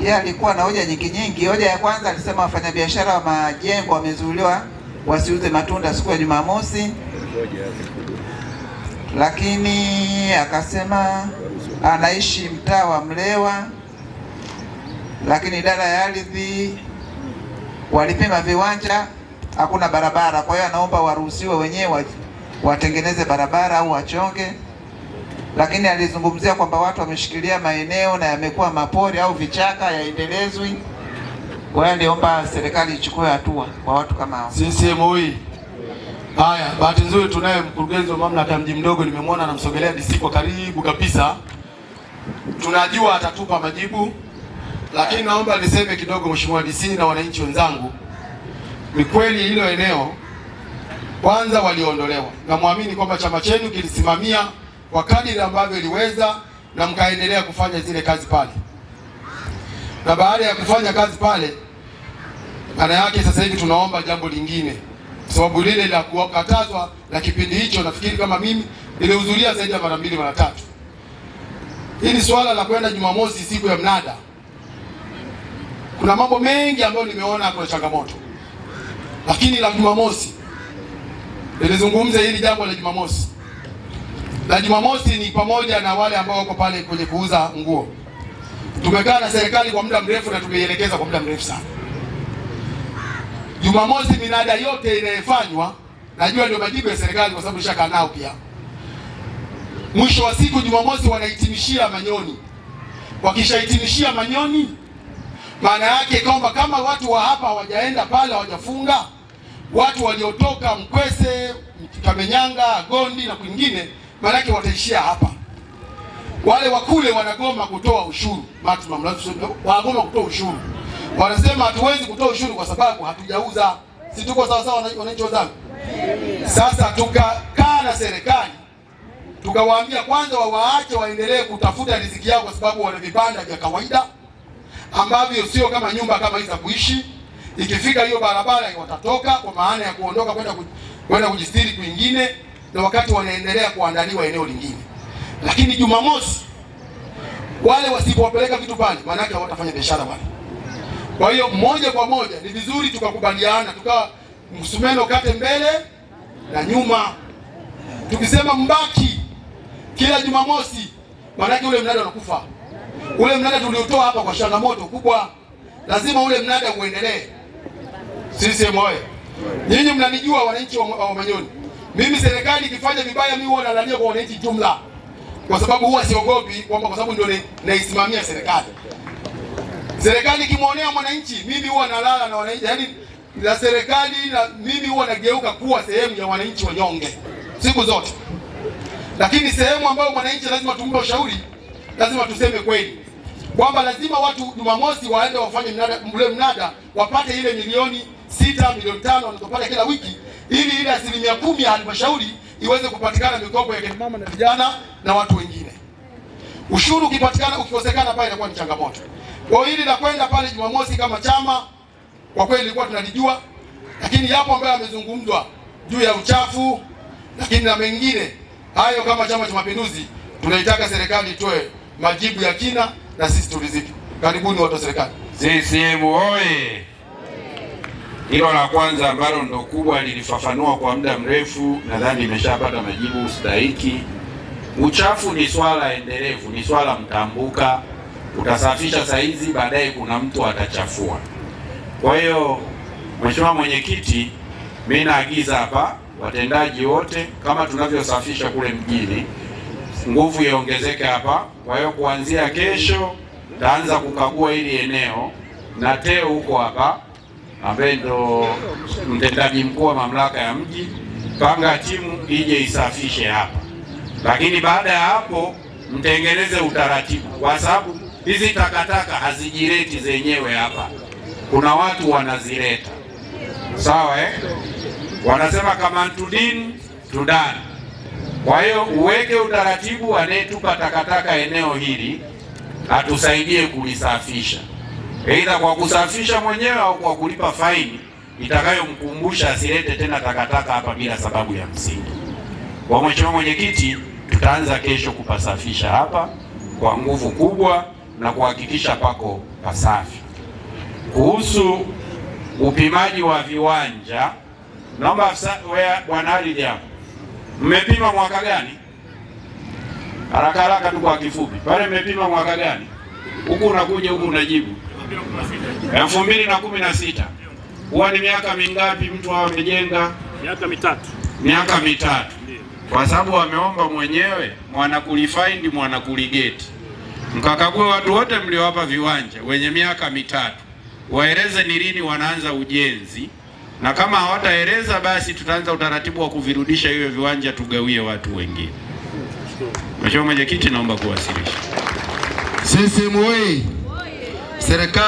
yeye alikuwa na hoja nyingi nyingi. Hoja ya kwanza alisema wafanyabiashara wa majengo wamezuiliwa wasiuze matunda siku ya Jumamosi, lakini akasema anaishi mtaa wa Mlewa, lakini idara ya ardhi walipima viwanja, hakuna barabara. Kwa hiyo anaomba waruhusiwe wenyewe watengeneze barabara au wachonge lakini alizungumzia kwamba watu wameshikilia maeneo na yamekuwa mapori au vichaka, yaendelezwi. Kwa hiyo aliomba serikali ichukue hatua kwa watu kama hao. CCM hii haya. Bahati nzuri tunaye mkurugenzi wa mamlaka ya mji mdogo, nimemwona anamsogelea DC kwa karibu kabisa, tunajua atatupa majibu, lakini naomba niseme kidogo, mheshimiwa DC na wananchi wenzangu, ni kweli hilo eneo kwanza waliondolewa, namwamini kwamba chama chenu kilisimamia kwa kadiri ambavyo iliweza, na mkaendelea kufanya zile kazi pale, na baada ya kufanya kazi pale, maana yake sasa hivi tunaomba jambo lingine, kwa sababu lile la kukatazwa la kipindi hicho, nafikiri kama mimi nilihudhuria zaidi ya mara mbili mara tatu. Hili swala la kwenda Jumamosi siku ya mnada, kuna mambo mengi ambayo nimeona kuna changamoto, lakini la Jumamosi nilizungumza hili jambo la Jumamosi la Jumamosi ni pamoja na wale ambao wako pale kwenye kuuza nguo. Tumekaa na serikali kwa muda mrefu na tumeielekeza kwa muda mrefu sana. Jumamosi minada yote inayofanywa, najua ndio majibu ya serikali kwa sababu nishakaa nao pia. Mwisho wa siku Jumamosi wanaitimishia Manyoni. Wakishaitimishia Manyoni, maana yake kwamba kama watu wa hapa hawajaenda pale, hawajafunga watu waliotoka Mkwese, Kamenyanga, Gondi na kwingine maanake wataishia hapa. Wale wakule wanagoma kutoa ushuru, wanagoma kutoa ushuru, wanasema hatuwezi kutoa ushuru kwa sababu hatujauza. Si tuko sawasawa, wananchi wenzangu? Sasa tukakaa na serikali tukawaambia kwanza wawaache waendelee kutafuta riziki yao, kwa sababu wana vibanda vya kawaida ambavyo sio kama nyumba kama hizi za kuishi. Ikifika hiyo barabara watatoka, kwa maana ya kuondoka kwenda kwenda kujistiri kwingine na wakati wanaendelea kuandaliwa eneo lingine. Lakini Jumamosi wale wasipowapeleka vitu pale, maanake hawatafanya biashara wale. Kwa hiyo moja kwa moja ni vizuri tukakubaliana, tukawa msumeno kate mbele na nyuma, tukisema mbaki kila Jumamosi, maanake ule mnada unakufa. Ule mnada tuliotoa hapa kwa changamoto kubwa, lazima ule mnada uendelee. Sisi moyo, e, nyinyi mnanijua, wananchi wa Manyoni mimi serikali ikifanya vibaya, mimi huwa nalalia kwa wananchi jumla, kwa sababu huwa siogopi kwamba, kwa sababu ndio naisimamia serikali. Serikali ikimwonea mwananchi, mimi huwa nalala na wananchi, yani na serikali na mimi huwa nageuka kuwa sehemu ya wananchi wanyonge siku zote, lakini sehemu ambayo mwananchi lazima tumpe ushauri, lazima tuseme kweli kwamba lazima watu Jumamosi waende wafanye mnada, mnada wapate ile milioni sita milioni tano wanazopata kila wiki ili ile asilimia kumi ya halmashauri iweze kupatikana mikopo ya kinamama na vijana na watu wengine. Ushuru ukipatikana ukikosekana pale inakuwa ni changamoto. Kwa hiyo hili nakwenda pale Jumamosi kama chama kwa kweli ilikuwa tunalijua, lakini yapo ambayo yamezungumzwa juu ya uchafu, lakini na mengine hayo, kama Chama cha Mapinduzi tunaitaka serikali itoe majibu ya kina na sisi tulizike. Karibuni watu wa serikali. Sisi oye! Hilo la kwanza ambalo ndo kubwa lilifafanua kwa muda mrefu, nadhani nimeshapata majibu stahiki. Uchafu ni swala endelevu, ni swala mtambuka. Utasafisha saizi, baadaye kuna mtu atachafua. Kwa hiyo, Mheshimiwa Mwenyekiti, mimi naagiza hapa watendaji wote, kama tunavyosafisha kule mjini, nguvu iongezeke hapa. Kwa hiyo, kuanzia kesho taanza kukagua hili eneo na teo huko hapa ambaye ndo mtendaji mkuu wa mamlaka ya mji, panga timu ije isafishe hapa, lakini baada ya hapo mtengeneze utaratibu, kwa sababu hizi takataka hazijireti zenyewe hapa, kuna watu wanazileta. Sawa eh? Wanasema kama tudin tudan. Kwa hiyo uweke utaratibu, anayetupa takataka eneo hili atusaidie kulisafisha aidha kwa kusafisha mwenyewe au kwa kulipa faini itakayomkumbusha asilete tena takataka hapa bila sababu ya msingi. Kwa mheshimiwa mwenyekiti, tutaanza kesho kupasafisha hapa kwa nguvu kubwa na kuhakikisha pako pasafi. Kuhusu upimaji wa viwanja, naomba bwana ardhi hapo, mmepima mwaka gani? Haraka haraka tu kwa kifupi, pale mmepima mwaka gani? Huku unakuja huku unajibu elfu mbili na kumi na sita huwa ni miaka mingapi mtu awe amejenga? Miaka mitatu, miaka mitatu, kwa sababu wameomba mwenyewe, mwana mwanakuligeti, mkakague watu wote mliowapa viwanja wenye miaka mitatu, waeleze ni lini wanaanza ujenzi, na kama hawataeleza basi tutaanza utaratibu wa kuvirudisha hivyo viwanja tugawie watu wengine. Mheshimiwa Mwenyekiti, naomba kuwasilisha. Sisi mwe serikali